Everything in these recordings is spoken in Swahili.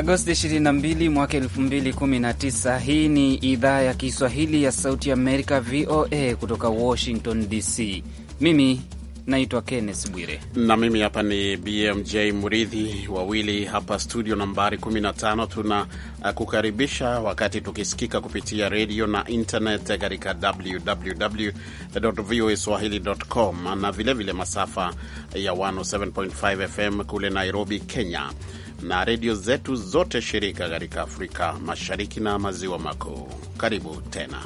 Agosti 22 mwaka 2019. Hii ni idhaa ya Kiswahili ya Sauti ya Amerika, VOA, kutoka Washington DC. Mimi naitwa Kenneth Bwire na mimi hapa ni BMJ mridhi wawili hapa studio nambari 15. Tuna uh, kukaribisha wakati tukisikika kupitia redio na internet katika www voa swahili.com na vilevile vile masafa ya 107.5 FM kule Nairobi, Kenya na redio zetu zote shirika katika Afrika Mashariki na Maziwa Makuu. Karibu tena.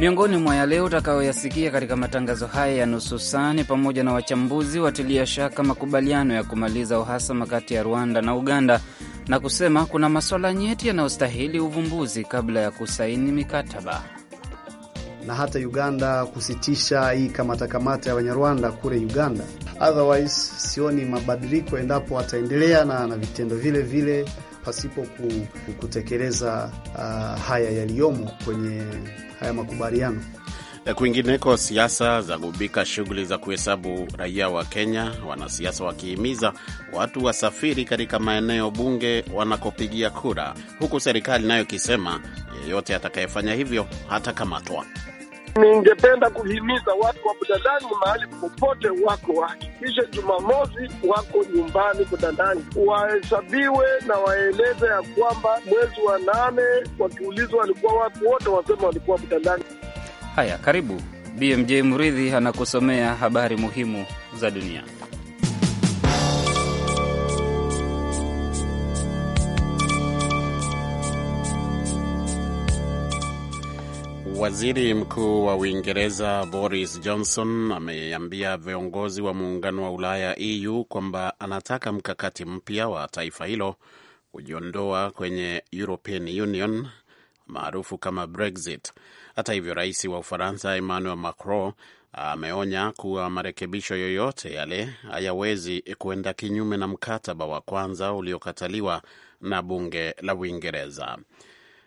Miongoni mwa yale utakayoyasikia katika matangazo haya ya nusu saa ni pamoja na wachambuzi watilia shaka makubaliano ya kumaliza uhasama kati ya Rwanda na Uganda na kusema kuna masuala nyeti yanayostahili uvumbuzi kabla ya kusaini mikataba na hata Uganda kusitisha hii kamatakamata ya Wanyarwanda kule Uganda. Otherwise sioni mabadiliko endapo wataendelea na, na vitendo vile vile pasipo kutekeleza uh, haya yaliyomo kwenye haya makubaliano. Kwingineko, siasa za gubika shughuli za kuhesabu raia wa Kenya, wanasiasa wakihimiza watu wasafiri katika maeneo bunge wanakopigia kura, huku serikali nayo ikisema yeyote atakayefanya hivyo hatakamatwa. Ningependa kuhimiza watu wa Budadani, mahali popote wako, wahakikishe Jumamosi wako nyumbani Budadani, wahesabiwe na waeleze ya kwamba mwezi wa nane wakiulizwa walikuwa watu wote wasema walikuwa Budadani. Haya, karibu BMJ Muridhi anakusomea habari muhimu za dunia. Waziri Mkuu wa Uingereza Boris Johnson ameambia viongozi wa muungano wa Ulaya EU kwamba anataka mkakati mpya wa taifa hilo kujiondoa kwenye European Union maarufu kama Brexit. Hata hivyo, rais wa Ufaransa Emmanuel Macron ameonya kuwa marekebisho yoyote yale hayawezi kuenda kinyume na mkataba wa kwanza uliokataliwa na bunge la Uingereza.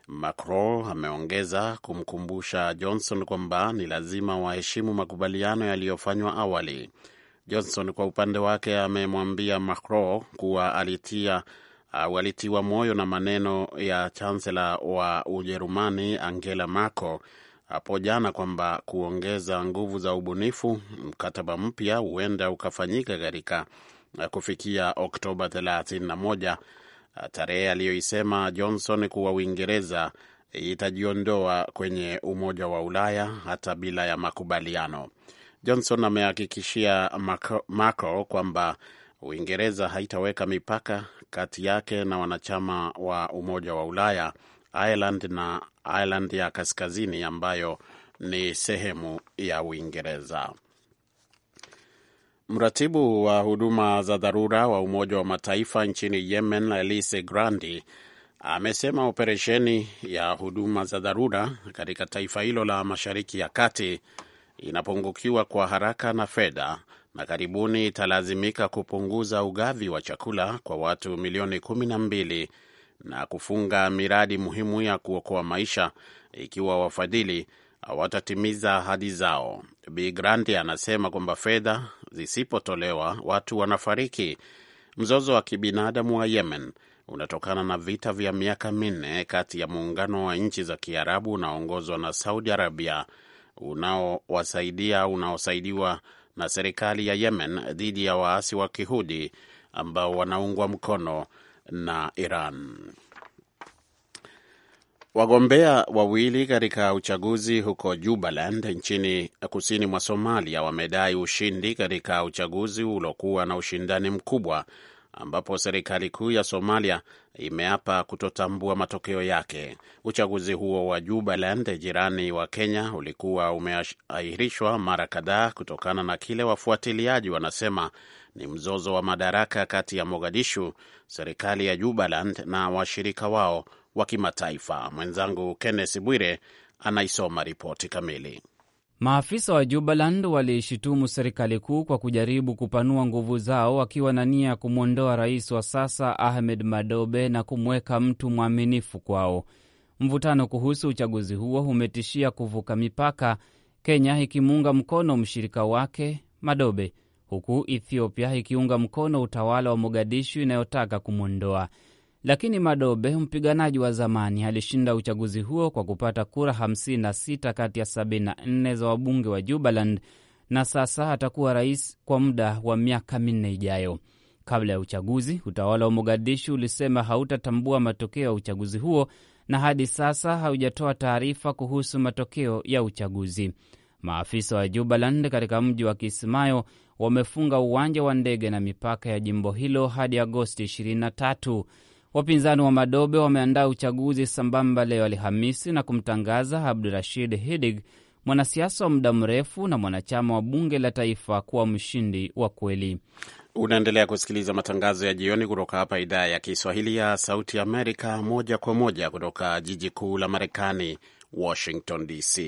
Macron ameongeza kumkumbusha Johnson kwamba ni lazima waheshimu makubaliano yaliyofanywa awali. Johnson kwa upande wake amemwambia Macron kuwa alitia uh, walitiwa moyo na maneno ya chansela wa Ujerumani Angela Merkel hapo jana kwamba kuongeza nguvu za ubunifu, mkataba mpya huenda ukafanyika katika ah, kufikia Oktoba 31, ah, tarehe aliyoisema Johnson kuwa Uingereza itajiondoa kwenye Umoja wa Ulaya hata bila ya makubaliano. Johnson amehakikishia Merkel kwamba Uingereza haitaweka mipaka kati yake na wanachama wa Umoja wa Ulaya, Ireland na Ireland ya Kaskazini ambayo ni sehemu ya Uingereza. Mratibu wa huduma za dharura wa Umoja wa Mataifa nchini Yemen, Elise Grandi, amesema operesheni ya huduma za dharura katika taifa hilo la Mashariki ya Kati inapungukiwa kwa haraka na fedha na karibuni italazimika kupunguza ugavi wa chakula kwa watu milioni kumi na mbili na kufunga miradi muhimu ya kuokoa maisha ikiwa wafadhili hawatatimiza ahadi zao. Bi Grandi anasema kwamba fedha zisipotolewa watu wanafariki. Mzozo wa kibinadamu wa Yemen unatokana na vita vya miaka minne kati ya muungano wa nchi za Kiarabu unaoongozwa na Saudi Arabia unaowasaidia unaosaidiwa na serikali ya Yemen dhidi ya waasi wa Kihudi ambao wanaungwa mkono na Iran. Wagombea wawili katika uchaguzi huko Jubaland nchini kusini mwa Somalia wamedai ushindi katika uchaguzi uliokuwa na ushindani mkubwa ambapo serikali kuu ya Somalia imeapa kutotambua matokeo yake. Uchaguzi huo wa Jubaland, jirani wa Kenya, ulikuwa umeahirishwa mara kadhaa kutokana na kile wafuatiliaji wanasema ni mzozo wa madaraka kati ya Mogadishu, serikali ya Jubaland na washirika wao wa kimataifa. Mwenzangu Kenneth Bwire anaisoma ripoti kamili. Maafisa wa Jubaland waliishutumu serikali kuu kwa kujaribu kupanua nguvu zao wakiwa na nia ya kumwondoa rais wa sasa Ahmed Madobe na kumweka mtu mwaminifu kwao. Mvutano kuhusu uchaguzi huo umetishia kuvuka mipaka, Kenya ikimuunga mkono mshirika wake Madobe, huku Ethiopia ikiunga mkono utawala wa Mogadishu inayotaka kumwondoa lakini Madobe, mpiganaji wa zamani, alishinda uchaguzi huo kwa kupata kura 56 kati ya 74 za wabunge wa Jubaland, na sasa atakuwa rais kwa muda wa miaka minne ijayo. Kabla ya uchaguzi, utawala wa Mogadishu ulisema hautatambua matokeo ya uchaguzi huo na hadi sasa haujatoa taarifa kuhusu matokeo ya uchaguzi. Maafisa wa Jubaland katika mji wa Kismayo wamefunga uwanja wa ndege na mipaka ya jimbo hilo hadi Agosti Wapinzani wa Madobe wameandaa uchaguzi sambamba leo Alhamisi na kumtangaza Abdurashid Hidig, mwanasiasa wa muda mrefu na mwanachama wa bunge la taifa, kuwa mshindi wa kweli. Unaendelea kusikiliza matangazo ya jioni kutoka hapa idhaa ya Kiswahili ya Sauti Amerika, moja kwa moja kutoka jiji kuu la Marekani, Washington DC.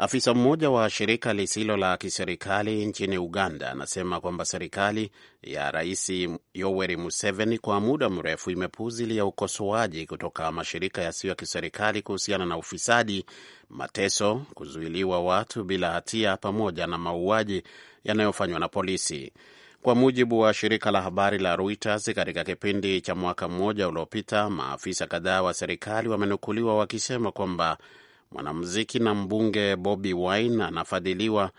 Afisa mmoja wa shirika lisilo la kiserikali nchini Uganda anasema kwamba serikali ya Rais Yoweri Museveni kwa muda mrefu imepuzilia ukosoaji kutoka mashirika yasiyo ya kiserikali kuhusiana na ufisadi, mateso, kuzuiliwa watu bila hatia, pamoja na mauaji yanayofanywa na polisi. Kwa mujibu wa shirika la habari la Reuters, katika kipindi cha mwaka mmoja uliopita, maafisa kadhaa wa serikali wamenukuliwa wakisema kwamba Mwanamuziki na mbunge Bobi Wine anafadhiliwa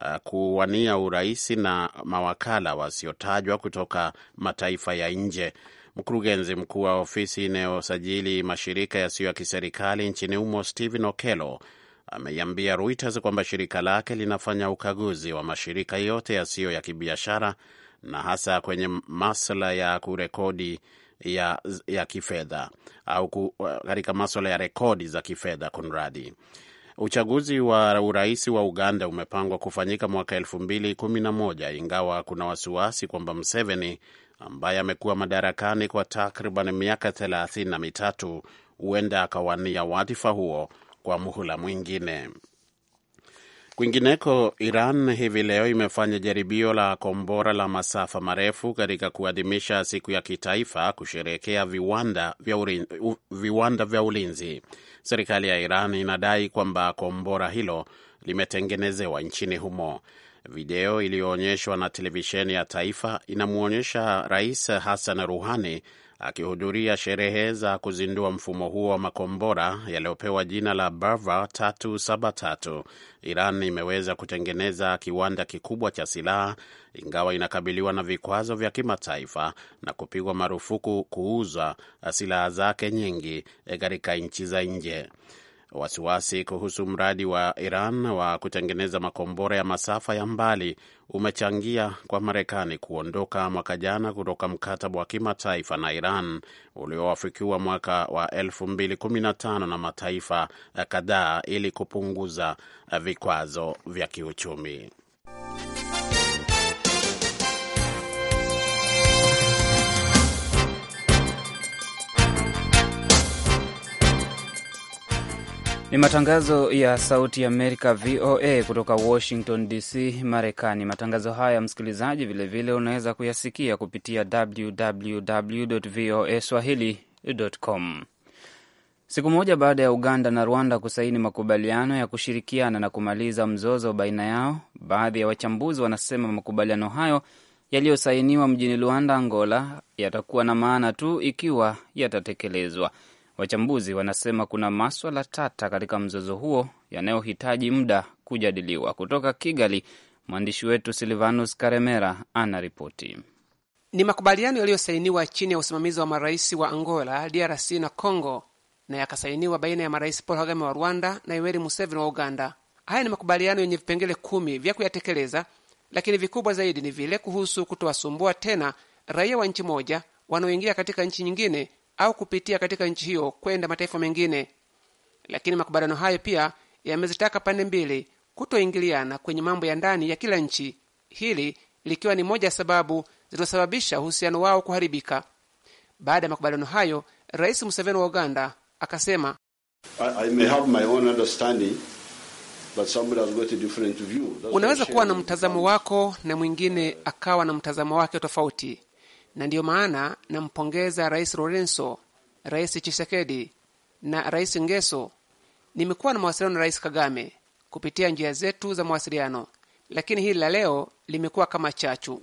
uh, kuwania uraisi na mawakala wasiotajwa kutoka mataifa ya nje. Mkurugenzi mkuu wa ofisi inayosajili mashirika yasiyo ya kiserikali nchini humo Stephen Okello ameiambia Reuters kwamba shirika lake linafanya ukaguzi wa mashirika yote yasiyo ya, kibiashara na hasa kwenye masuala ya kurekodi ya, ya kifedha au katika maswala ya rekodi za kifedha kunradi. Uchaguzi wa urais wa Uganda umepangwa kufanyika mwaka elfu mbili kumi na moja ingawa kuna wasiwasi kwamba Mseveni ambaye amekuwa madarakani kwa takriban miaka thelathini na mitatu huenda akawania wadhifa huo kwa muhula mwingine. Kwingineko, Iran hivi leo imefanya jaribio la kombora la masafa marefu katika kuadhimisha siku ya kitaifa kusherehekea viwanda vya ulinzi, viwanda vya ulinzi. Serikali ya Iran inadai kwamba kombora hilo limetengenezewa nchini humo. Video iliyoonyeshwa na televisheni ya taifa inamwonyesha Rais Hassan ruhani akihudhuria sherehe za kuzindua mfumo huo wa makombora yaliyopewa jina la Bava 373. Iran imeweza kutengeneza kiwanda kikubwa cha silaha ingawa inakabiliwa na vikwazo vya kimataifa na kupigwa marufuku kuuza silaha zake nyingi eh, katika nchi za nje. Wasiwasi kuhusu mradi wa Iran wa kutengeneza makombora ya masafa ya mbali umechangia kwa Marekani kuondoka mwaka jana kutoka mkataba wa kimataifa na Iran ulioafikiwa mwaka wa 2015 na mataifa kadhaa ili kupunguza vikwazo vya kiuchumi. Ni matangazo ya Sauti Amerika, VOA, kutoka Washington DC, Marekani. Matangazo haya msikilizaji, vilevile unaweza kuyasikia kupitia www voa swahili.com. Siku moja baada ya Uganda na Rwanda kusaini makubaliano ya kushirikiana na kumaliza mzozo baina yao, baadhi ya wachambuzi wanasema makubaliano hayo yaliyosainiwa mjini Luanda, Angola, yatakuwa na maana tu ikiwa yatatekelezwa. Wachambuzi wanasema kuna maswala tata katika mzozo huo yanayohitaji muda kujadiliwa. Kutoka Kigali, mwandishi wetu Silvanus Karemera anaripoti. Ni makubaliano yaliyosainiwa chini ya usimamizi wa marais wa Angola, DRC na Congo, na yakasainiwa baina ya marais Paul Kagame wa Rwanda na Yoweri Museveni wa Uganda. Haya ni makubaliano yenye vipengele kumi vya kuyatekeleza, lakini vikubwa zaidi ni vile kuhusu kutowasumbua tena raia wa nchi moja wanaoingia katika nchi nyingine au kupitia katika nchi hiyo kwenda mataifa mengine. Lakini makubaliano hayo pia yamezitaka pande mbili kutoingiliana kwenye mambo ya ndani ya kila nchi, hili likiwa ni moja ya sababu zilizosababisha uhusiano wao kuharibika. Baada ya makubaliano hayo, Rais Museveni wa Uganda akasema unaweza kuwa na mtazamo wako na mwingine akawa na mtazamo wake tofauti, na ndiyo maana nampongeza Rais Lorenso, Rais Chisekedi na Rais Ngeso. Nimekuwa na mawasiliano na Rais Kagame kupitia njia zetu za mawasiliano, lakini hili la leo limekuwa kama chachu.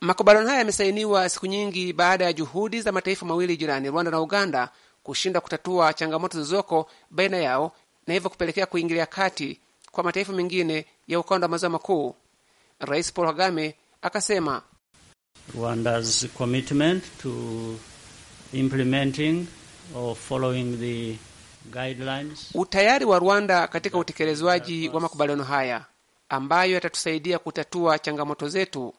makubaliano haya yamesainiwa siku nyingi baada ya juhudi za mataifa mawili jirani, Rwanda na Uganda, kushinda kutatua changamoto zilizoko baina yao na hivyo kupelekea kuingilia kati kwa mataifa mengine ya ukanda wa maziwa makuu. Rais Paul Kagame akasema Rwanda's commitment to implementing or following the guidelines. Utayari wa Rwanda katika utekelezwaji wa makubaliano haya ambayo yatatusaidia kutatua changamoto zetu.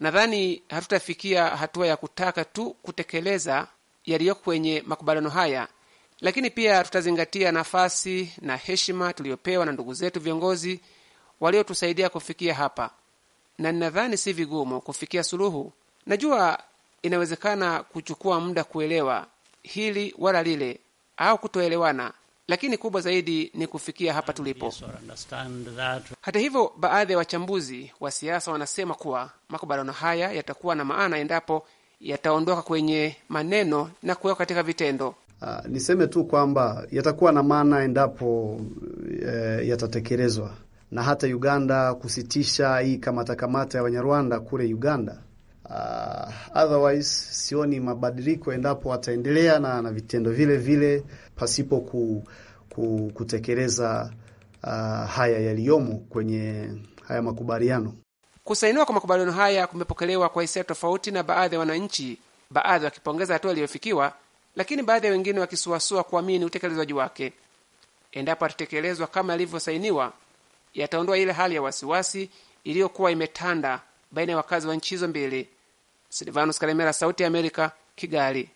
Nadhani hatutafikia hatua ya kutaka tu kutekeleza yaliyoko kwenye makubaliano haya lakini pia tutazingatia nafasi na heshima tuliyopewa na ndugu zetu viongozi waliotusaidia kufikia hapa, na ninadhani si vigumu kufikia suluhu. Najua inawezekana kuchukua muda kuelewa hili wala lile au kutoelewana, lakini kubwa zaidi ni kufikia hapa tulipo. Hata hivyo, baadhi ya wachambuzi wa siasa wanasema kuwa makubaliano haya yatakuwa na maana endapo yataondoka kwenye maneno na kuwekwa katika vitendo. Uh, niseme tu kwamba yatakuwa na maana endapo uh, yatatekelezwa na hata Uganda kusitisha hii kamatakamata ya Wanyarwanda kule Uganda. Uh, otherwise sioni mabadiliko endapo wataendelea na, na vitendo vile vile pasipo ku, ku, kutekeleza uh, haya yaliyomo kwenye haya makubaliano. Kusainiwa kwa makubaliano haya kumepokelewa kwa hisia tofauti na baadhi ya wananchi, baadhi wakipongeza hatua iliyofikiwa lakini baadhi ya wengine wakisuasua kuamini utekelezaji wake. Endapo atatekelezwa kama yalivyosainiwa, yataondoa ile hali ya wasiwasi iliyokuwa imetanda baina ya wakazi wa nchi hizo mbili. Silvanus Karemera, Sauti ya Amerika, Kigali.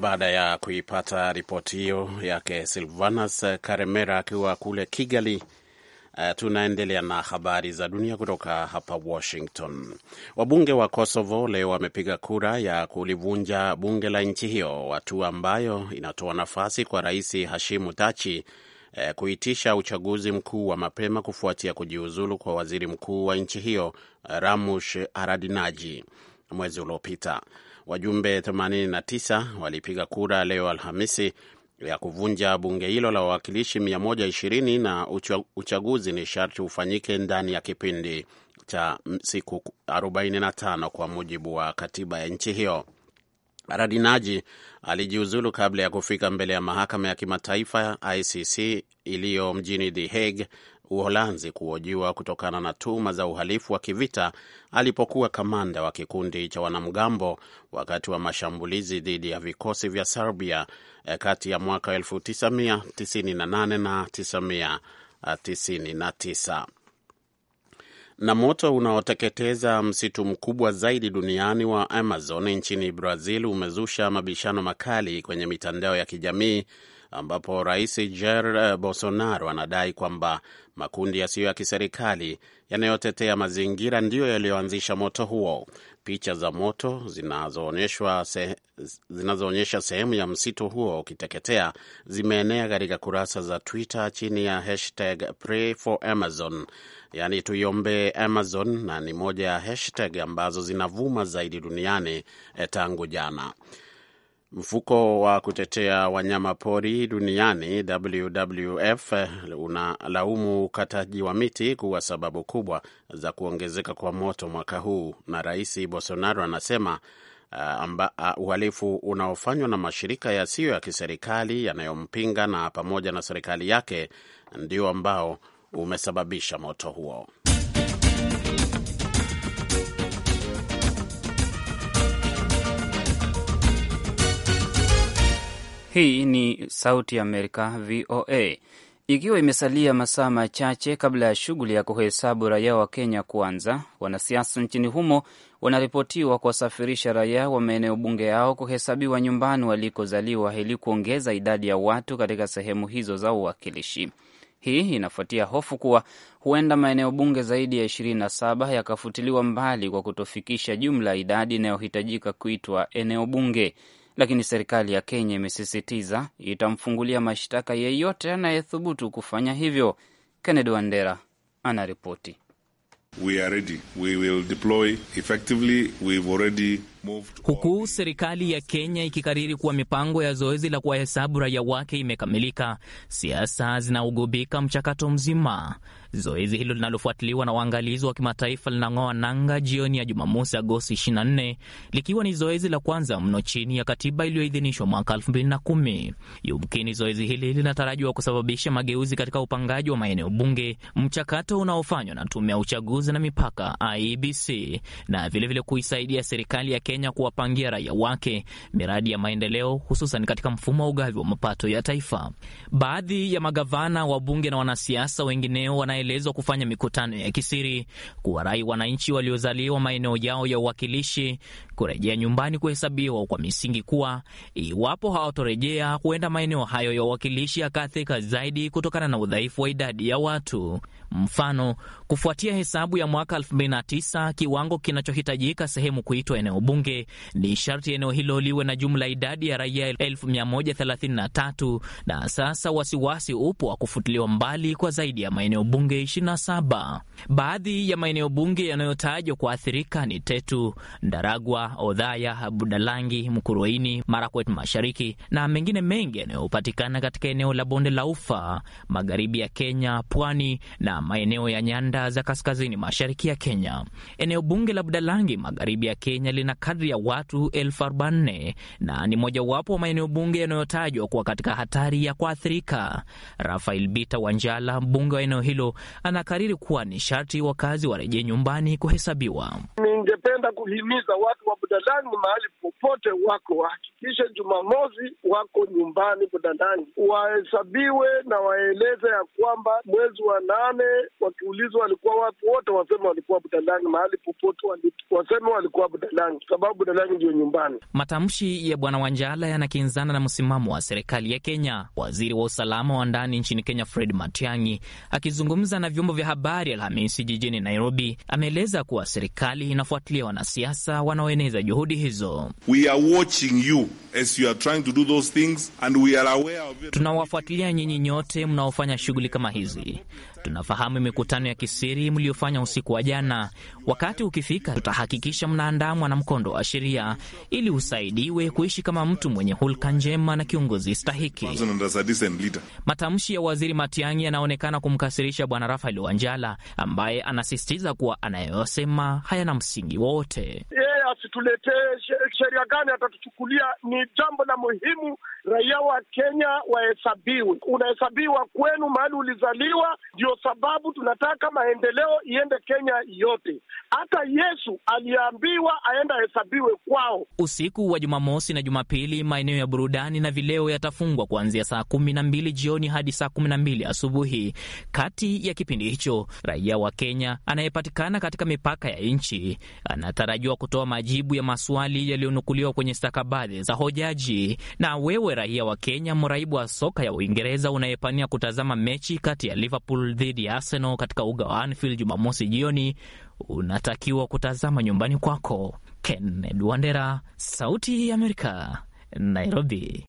Baada ya kuipata ripoti hiyo yake silvanus Karemera akiwa kule Kigali Uh, tunaendelea na habari za dunia kutoka hapa Washington. Wabunge wa Kosovo leo wamepiga kura ya kulivunja bunge la nchi hiyo, hatua ambayo inatoa nafasi kwa Rais Hashimu Tachi uh, eh, kuitisha uchaguzi mkuu wa mapema kufuatia kujiuzulu kwa waziri mkuu wa nchi hiyo Ramush Haradinaji mwezi uliopita. Wajumbe 89 walipiga kura leo Alhamisi ya kuvunja bunge hilo la wawakilishi 120 na uchaguzi ni sharti ufanyike ndani ya kipindi cha siku 45 kwa mujibu wa katiba ya nchi hiyo. Radinaji alijiuzulu kabla ya kufika mbele ya mahakama ya kimataifa ICC iliyo mjini The Hague Uholanzi kuhojiwa kutokana na tuhuma za uhalifu wa kivita alipokuwa kamanda wa kikundi cha wanamgambo wakati wa mashambulizi dhidi ya vikosi vya Serbia eh, kati ya mwaka 1998 na 1999. Ah, na moto unaoteketeza msitu mkubwa zaidi duniani wa Amazon nchini Brazil umezusha mabishano makali kwenye mitandao ya kijamii ambapo rais Jair eh, Bolsonaro anadai kwamba makundi yasiyo ya kiserikali yanayotetea mazingira ndiyo yaliyoanzisha moto huo. Picha za moto zinazoonyesha se, sehemu ya msitu huo ukiteketea zimeenea katika kurasa za Twitter chini ya hashtag Pray for Amazon, yaani tuiombee Amazon, na ni moja ya hashtag ambazo zinavuma zaidi duniani eh, tangu jana. Mfuko wa kutetea wanyama pori duniani WWF unalaumu ukataji wa miti kuwa sababu kubwa za kuongezeka kwa moto mwaka huu, na Rais Bolsonaro anasema ah, ah, uhalifu uh, uh, unaofanywa na mashirika yasiyo ya kiserikali yanayompinga na pamoja na serikali yake ndio ambao umesababisha moto huo. Hii ni Sauti ya Amerika, VOA. Ikiwa imesalia masaa machache kabla ya shughuli ya kuhesabu raia wa Kenya kuanza, wanasiasa nchini humo wanaripotiwa kuwasafirisha raia wa maeneo bunge yao kuhesabiwa nyumbani walikozaliwa ili kuongeza idadi ya watu katika sehemu hizo za uwakilishi. Hii inafuatia hofu kuwa huenda maeneo bunge zaidi ya 27 yakafutiliwa mbali kwa kutofikisha jumla idadi inayohitajika kuitwa eneo bunge lakini serikali ya Kenya imesisitiza itamfungulia mashtaka yeyote anayethubutu kufanya hivyo. Kennedy Wandera anaripoti. We are ready. We will deploy effectively. We've already huku serikali ya Kenya ikikariri kuwa mipango ya zoezi la kuwahesabu raia wake imekamilika, siasa zinaugubika mchakato mzima. Zoezi hilo linalofuatiliwa na waangalizi wa kimataifa linang'oa nanga jioni ya Jumamosi, Agosti 24, likiwa ni zoezi la kwanza mno chini ya katiba iliyoidhinishwa mwaka 2010. Yumkini zoezi hili linatarajiwa kusababisha mageuzi katika upangaji wa maeneo bunge, mchakato unaofanywa na tume ya uchaguzi na mipaka IEBC, na vilevile kuisaidia serikali ya Kenya Kenya kuwapangia raia wake miradi ya maendeleo, hususan katika mfumo wa ugavi wa mapato ya taifa. Baadhi ya magavana, wabunge na wanasiasa wengineo wanaelezwa kufanya mikutano ya kisiri kuwarai wananchi waliozaliwa maeneo yao ya uwakilishi kurejea nyumbani kuhesabiwa kwa misingi kuwa iwapo hawatorejea, huenda maeneo hayo ya uwakilishi yakaathirika zaidi kutokana na udhaifu wa idadi ya watu. Mfano, kufuatia hesabu ya mwaka 2009 kiwango kinachohitajika sehemu kuitwa eneo bunge ni sharti eneo hilo liwe na jumla idadi ya raia 133 na sasa wasiwasi upo wa kufutiliwa mbali kwa zaidi ya maeneo bunge 27. Baadhi ya maeneo bunge yanayotajwa kuathirika ni Tetu, Ndaragwa, Odhaya, Budalangi, Mkuruini, Marakwet Mashariki na mengine mengi yanayopatikana katika eneo la bonde la Ufa, magharibi ya Kenya, pwani na maeneo ya nyanda za kaskazini mashariki ya Kenya. Eneo bunge la Budalangi magharibi ya Kenya lina kadri ya watu elfu arobaini na ni mojawapo wa maeneo bunge yanayotajwa kuwa katika hatari ya kuathirika. Rafael Bita Wanjala, mbunge wa eneo hilo, anakariri kuwa ni sharti wakazi warejee nyumbani kuhesabiwa kuhimiza watu wa Budalangi mahali popote wako, wahakikishe Jumamosi wako nyumbani Budalangi, wahesabiwe na waeleze ya kwamba mwezi wa nane wakiulizwa walikuwa watu wote waseme walikuwa Budadani mahali popote waseme walikuwa Budadani sababu Budadani ndio nyumbani. Matamshi ya Bwana Wanjala yanakinzana na msimamo wa serikali ya Kenya. Waziri wa usalama wa ndani nchini Kenya Fred Matiang'i akizungumza na vyombo vya habari Alhamisi jijini Nairobi ameeleza kuwa serikali inafuatilia wana wanasiasa wanaoeneza juhudi hizo. Tunawafuatilia nyinyi nyote mnaofanya shughuli kama hizi, Tunafahamu mikutano ya kisiri mliofanya usiku wa jana. Wakati ukifika, tutahakikisha mnaandamwa na mkondo wa sheria ili usaidiwe kuishi kama mtu mwenye hulka njema na kiongozi stahiki. Matamshi ya waziri Matiang'i yanaonekana kumkasirisha bwana Rafael Wanjala ambaye anasisitiza kuwa anayosema hayana msingi wowote. yeah asituletee sheria gani atatuchukulia, ni jambo la muhimu. Raia wa Kenya wahesabiwe, unahesabiwa kwenu mahali ulizaliwa. Ndio sababu tunataka maendeleo iende Kenya yote. Hata Yesu aliambiwa aenda ahesabiwe kwao. Usiku wa Jumamosi na Jumapili, maeneo ya burudani na vileo yatafungwa kuanzia saa kumi na mbili jioni hadi saa kumi na mbili asubuhi. Kati ya kipindi hicho, raia wa Kenya anayepatikana katika mipaka ya nchi anatarajiwa kutoa majibu ya maswali yaliyonukuliwa kwenye stakabadhi za hojaji. Na wewe raia wa Kenya, mraibu wa soka ya Uingereza unayepania kutazama mechi kati ya Liverpool dhidi ya Arsenal katika uga wa Anfield Jumamosi jioni, unatakiwa kutazama nyumbani kwako. Kennedy Wandera, Sauti ya Amerika, Nairobi.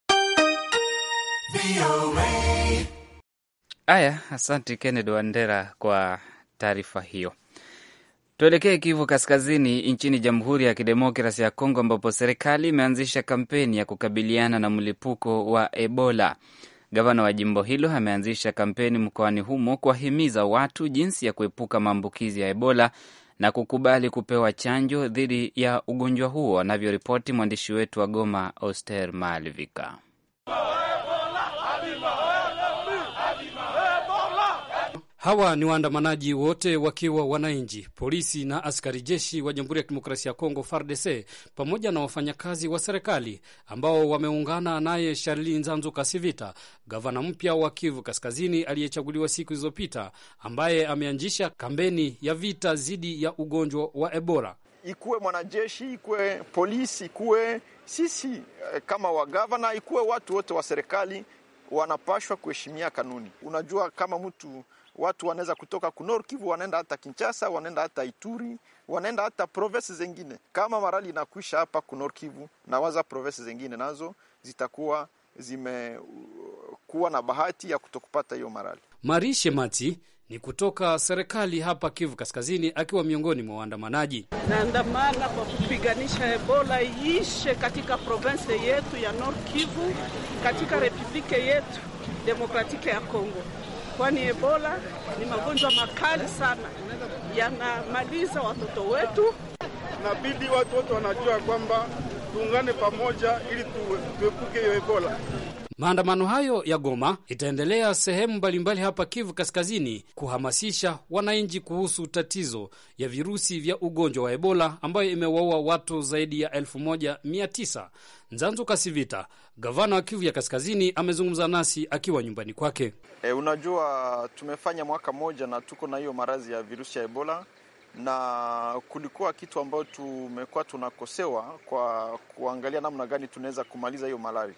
Haya, asante Kennedy Wandera kwa taarifa hiyo. Tuelekee Kivu Kaskazini nchini Jamhuri ya Kidemokrasi ya Kongo, ambapo serikali imeanzisha kampeni ya kukabiliana na mlipuko wa Ebola. Gavana wa jimbo hilo ameanzisha kampeni mkoani humo kuwahimiza watu jinsi ya kuepuka maambukizi ya Ebola na kukubali kupewa chanjo dhidi ya ugonjwa huo, anavyoripoti mwandishi wetu wa Goma, Oster Malvika. Hawa ni waandamanaji wote wakiwa wananchi, polisi na askari jeshi wa Jamhuri ya Kidemokrasia ya Kongo, FARDC, pamoja na wafanyakazi wa serikali ambao wameungana naye Sharli Nzanzu Kasivita, gavana mpya wa Kivu Kaskazini aliyechaguliwa siku zilizopita, ambaye ameanzisha kampeni ya vita dhidi ya ugonjwa wa Ebola. Ikuwe mwanajeshi, ikuwe polisi, ikuwe sisi eh, kama wagavana, ikuwe watu wote wa serikali wanapashwa kuheshimia kanuni. Unajua, kama mtu watu wanaweza kutoka kunor Kivu wanaenda hata Kinshasa, wanaenda hata Ituri, wanaenda hata province zengine. Kama marali inakuisha hapa kunor Kivu, na waza zengine nazo zitakuwa zimekuwa uh, na bahati ya kutokupata hiyo marali. Marishe Mati ni kutoka serikali hapa Kivu Kaskazini, akiwa miongoni mwa waandamanaji. Naandamana kwa kupiganisha Ebola iishe katika provense yetu ya Nord Kivu, katika republike yetu demokratike ya Kongo kwani Ebola ni magonjwa makali sana, yanamaliza watoto wetu. Nabidi watu wote wanajua kwamba tuungane pamoja ili tuepuke hiyo Ebola. Maandamano hayo ya Goma itaendelea sehemu mbalimbali hapa Kivu Kaskazini kuhamasisha wananchi kuhusu tatizo ya virusi vya ugonjwa wa Ebola ambayo imewaua watu zaidi ya elfu moja mia tisa. Nzanzu Kasivita, gavana wa Kivu ya Kaskazini, amezungumza nasi akiwa nyumbani kwake. E, unajua tumefanya mwaka mmoja na tuko na hiyo maradhi ya virusi ya Ebola na kulikuwa kitu ambayo tumekuwa tunakosewa kwa kuangalia namna gani tunaweza kumaliza hiyo malawi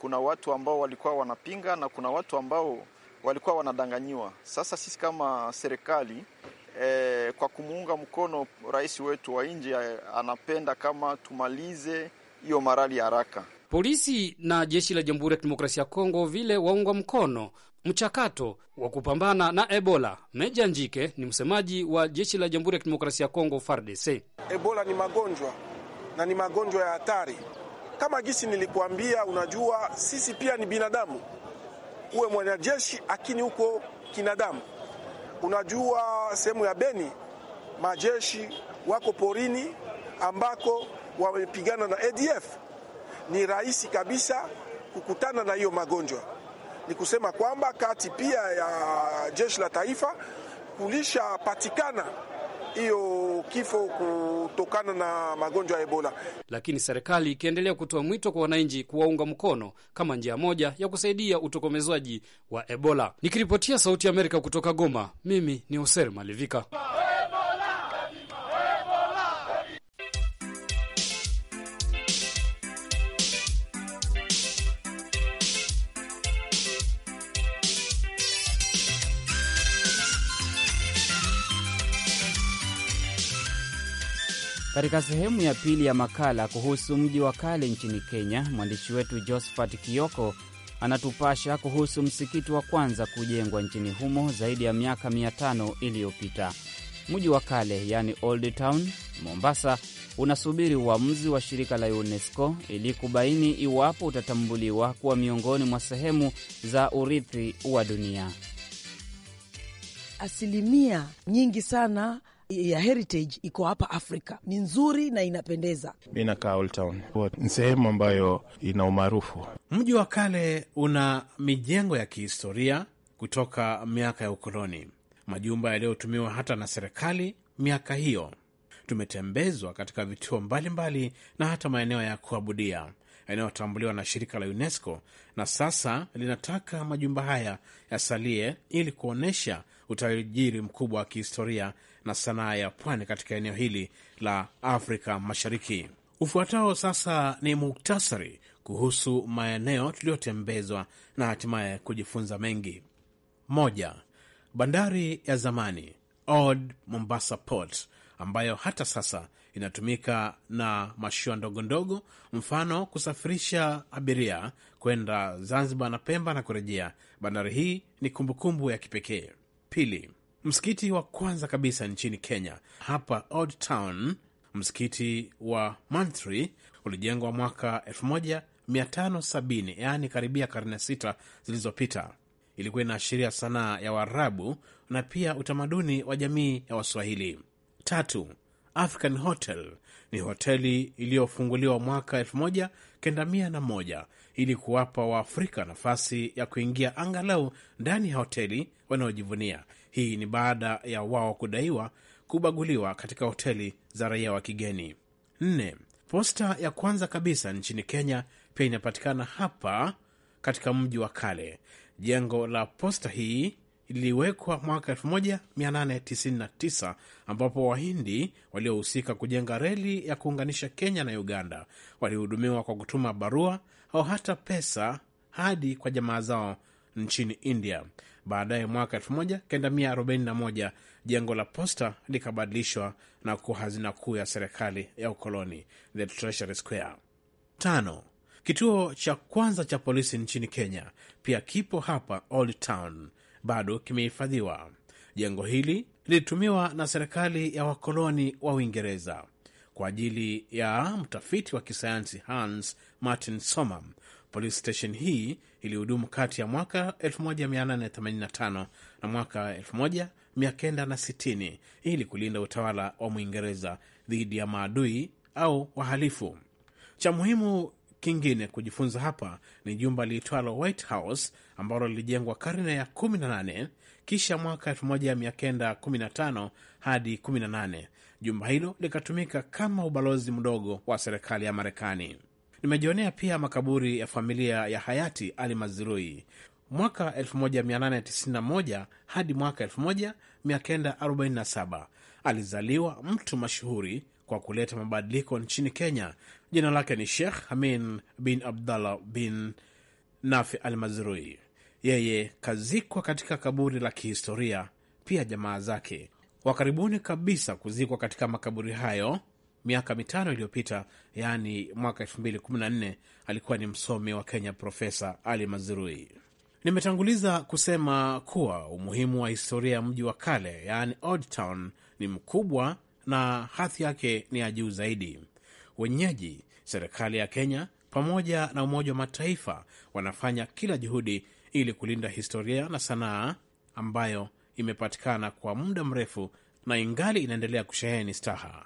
kuna watu ambao walikuwa wanapinga na kuna watu ambao walikuwa wanadanganyiwa. Sasa sisi kama serikali e, kwa kumuunga mkono rais wetu wa nje anapenda kama tumalize hiyo marali haraka. Polisi na jeshi la Jamhuri ya Kidemokrasia ya Kongo vile waunga mkono mchakato wa kupambana na Ebola. Meja Njike ni msemaji wa jeshi la Jamhuri ya Kidemokrasia ya Kongo FARDC. Ebola ni magonjwa na ni magonjwa ya hatari kama gisi nilikuambia, unajua sisi pia ni binadamu, uwe mwanajeshi akini huko kinadamu. Unajua sehemu ya Beni majeshi wako porini ambako wamepigana na ADF, ni rahisi kabisa kukutana na hiyo magonjwa. Ni kusema kwamba kati pia ya jeshi la taifa kulishapatikana hiyo kifo kutokana na magonjwa ya Ebola. Lakini serikali ikiendelea kutoa mwito kwa wananchi kuwaunga mkono kama njia moja ya kusaidia utokomezwaji wa Ebola. Nikiripotia Sauti ya Amerika kutoka Goma, mimi ni Hoser Malivika. Katika sehemu ya pili ya makala kuhusu mji wa kale nchini Kenya, mwandishi wetu Josephat Kioko anatupasha kuhusu msikiti wa kwanza kujengwa nchini humo zaidi ya miaka mia tano iliyopita. Mji wa kale yani Old Town Mombasa unasubiri uamuzi wa shirika la UNESCO ili kubaini iwapo utatambuliwa kuwa miongoni mwa sehemu za urithi wa dunia. Asilimia nyingi sana ya heritage iko hapa Afrika, ni nzuri na inapendeza. Mi nakaa Old Town, ni sehemu ambayo ina umaarufu. Mji wa kale una mijengo ya kihistoria kutoka miaka ya ukoloni, majumba yaliyotumiwa hata na serikali miaka hiyo. Tumetembezwa katika vituo mbalimbali mbali na hata maeneo ya kuabudia yanayotambuliwa na shirika la UNESCO na sasa linataka majumba haya yasalie ili kuonyesha utajiri mkubwa wa kihistoria na sanaa ya pwani katika eneo hili la Afrika Mashariki. Ufuatao sasa ni muktasari kuhusu maeneo tuliyotembezwa na hatimaye kujifunza mengi. Moja, bandari ya zamani Old Mombasa Port ambayo hata sasa inatumika na mashua ndogondogo, mfano kusafirisha abiria kwenda Zanzibar na Pemba na kurejea. Bandari hii ni kumbukumbu ya kipekee. Pili, Msikiti wa kwanza kabisa nchini Kenya hapa Old Town, msikiti wa Mantri ulijengwa mwaka 1570 yaani karibia karne sita zilizopita. Ilikuwa inaashiria sanaa ya Waarabu na pia utamaduni wa jamii ya Waswahili. Tatu, African Hotel ni hoteli iliyofunguliwa mwaka 1901 ili kuwapa Waafrika nafasi ya kuingia angalau ndani ya hoteli wanaojivunia hii ni baada ya wao kudaiwa kubaguliwa katika hoteli za raia wa kigeni. Nne, posta ya kwanza kabisa nchini Kenya pia inapatikana hapa katika mji wa kale. Jengo la posta hii liliwekwa mwaka 1899 ambapo Wahindi waliohusika kujenga reli ya kuunganisha Kenya na Uganda walihudumiwa kwa kutuma barua au hata pesa hadi kwa jamaa zao nchini India. Baadaye mwaka 1941 jengo la posta likabadilishwa na kuwa hazina kuu ya serikali ya ukoloni, the Treasury Square. Tano, kituo cha kwanza cha polisi nchini Kenya pia kipo hapa Old Town, bado kimehifadhiwa. Jengo hili lilitumiwa na serikali ya wakoloni wa Uingereza kwa ajili ya mtafiti wa kisayansi Hans Martin Somam Police station hii ilihudumu kati ya mwaka 1885 na mwaka 1960 ili kulinda utawala wa Mwingereza dhidi ya maadui au wahalifu. Cha muhimu kingine kujifunza hapa ni jumba liitwalo White House ambalo lilijengwa karne ya 18 kisha mwaka 1915 hadi 18 jumba hilo likatumika kama ubalozi mdogo wa serikali ya Marekani. Nimejionea pia makaburi ya familia ya hayati Ali Mazirui mwaka 1891 hadi mwaka 1947. Alizaliwa mtu mashuhuri kwa kuleta mabadiliko nchini Kenya. Jina lake ni Sheikh Hamin bin Abdallah bin Nafi Al Mazrui. Yeye kazikwa katika kaburi la kihistoria, pia jamaa zake wa karibuni kabisa kuzikwa katika makaburi hayo miaka mitano iliyopita, yaani mwaka 2014, alikuwa ni msomi wa Kenya Profesa Ali mazurui Nimetanguliza kusema kuwa umuhimu wa historia ya mji wa kale, yaani Old Town, ni mkubwa na hadhi yake ni ya juu zaidi. Wenyeji, serikali ya Kenya pamoja na Umoja wa Mataifa wanafanya kila juhudi ili kulinda historia na sanaa ambayo imepatikana kwa muda mrefu na ingali inaendelea kusheheni staha.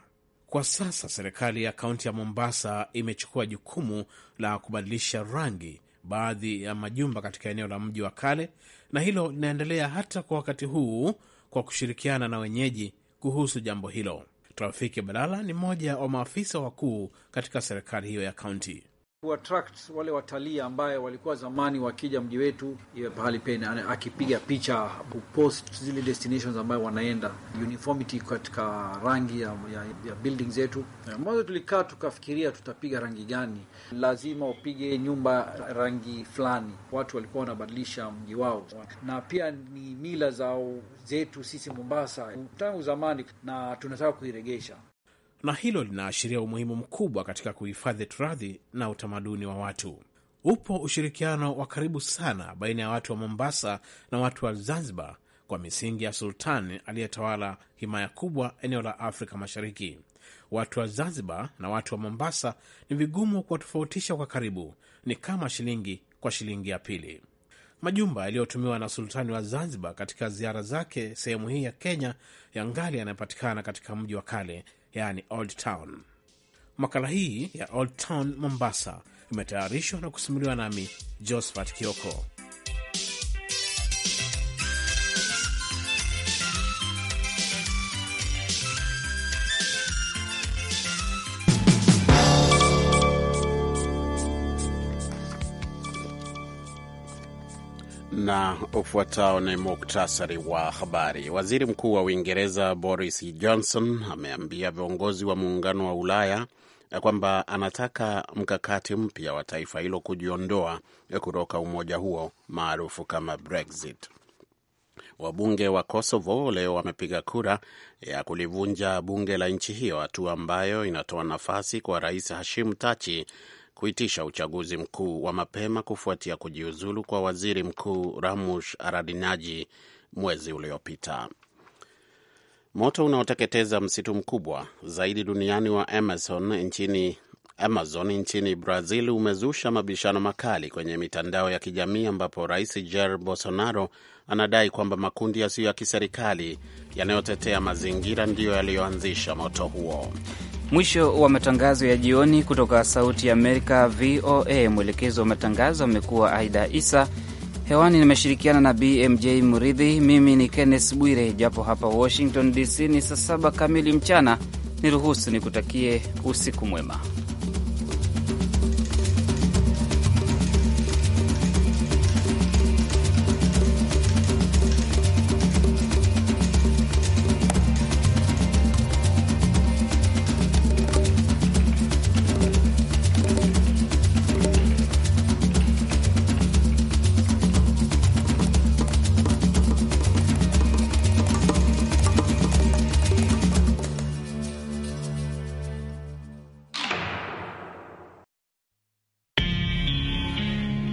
Kwa sasa serikali ya kaunti ya Mombasa imechukua jukumu la kubadilisha rangi baadhi ya majumba katika eneo la mji wa kale, na hilo linaendelea hata kwa wakati huu kwa kushirikiana na wenyeji kuhusu jambo hilo. Trafiki Balala ni mmoja wa maafisa wakuu katika serikali hiyo ya kaunti kuattract wale watalii ambaye walikuwa zamani wakija mji wetu, iwe pahali pene akipiga picha kupost zile destinations ambayo wanaenda, uniformity katika rangi ya, ya, ya building zetu. Mwanzo tulikaa tukafikiria tutapiga rangi gani, lazima upige nyumba rangi fulani. Watu walikuwa wanabadilisha mji wao, na pia ni mila zao zetu sisi Mombasa tangu zamani, na tunataka kuiregesha na hilo linaashiria umuhimu mkubwa katika kuhifadhi turathi na utamaduni wa watu. Upo ushirikiano wa karibu sana baina ya watu wa Mombasa na watu wa Zanzibar kwa misingi ya sultani aliyetawala himaya kubwa eneo la Afrika Mashariki. Watu wa Zanzibar na watu wa Mombasa ni vigumu kuwatofautisha kwa karibu, ni kama shilingi kwa shilingi ya pili. Majumba yaliyotumiwa na sultani wa Zanzibar katika ziara zake sehemu hii ya Kenya yangali yanayopatikana katika mji wa kale yani Old Town. Makala hii ya Old Town Mombasa imetayarishwa na kusimuliwa nami Josephat Kioko. Na ufuatao ni muktasari wa habari. Waziri Mkuu wa Uingereza Boris Johnson ameambia viongozi wa Muungano wa Ulaya kwamba anataka mkakati mpya wa taifa hilo kujiondoa kutoka umoja huo maarufu kama Brexit. Wabunge wa Kosovo leo wamepiga kura ya kulivunja bunge la nchi hiyo, hatua ambayo inatoa nafasi kwa Rais Hashim Tachi kuitisha uchaguzi mkuu wa mapema kufuatia kujiuzulu kwa waziri mkuu Ramush Haradinaji mwezi uliopita. Moto unaoteketeza msitu mkubwa zaidi duniani wa Amazon nchini Amazon nchini Brazil umezusha mabishano makali kwenye mitandao ya kijamii ambapo Rais Jair Bolsonaro anadai kwamba makundi yasiyo ya kiserikali yanayotetea mazingira ndiyo yaliyoanzisha moto huo. Mwisho wa matangazo ya jioni kutoka Sauti ya Amerika, VOA. Mwelekezi wa matangazo amekuwa Aida Isa. Hewani nimeshirikiana na BMJ Muridhi. Mimi ni Kenneth Bwire, japo hapa Washington DC ni saa saba kamili mchana. Niruhusu nikutakie usiku mwema.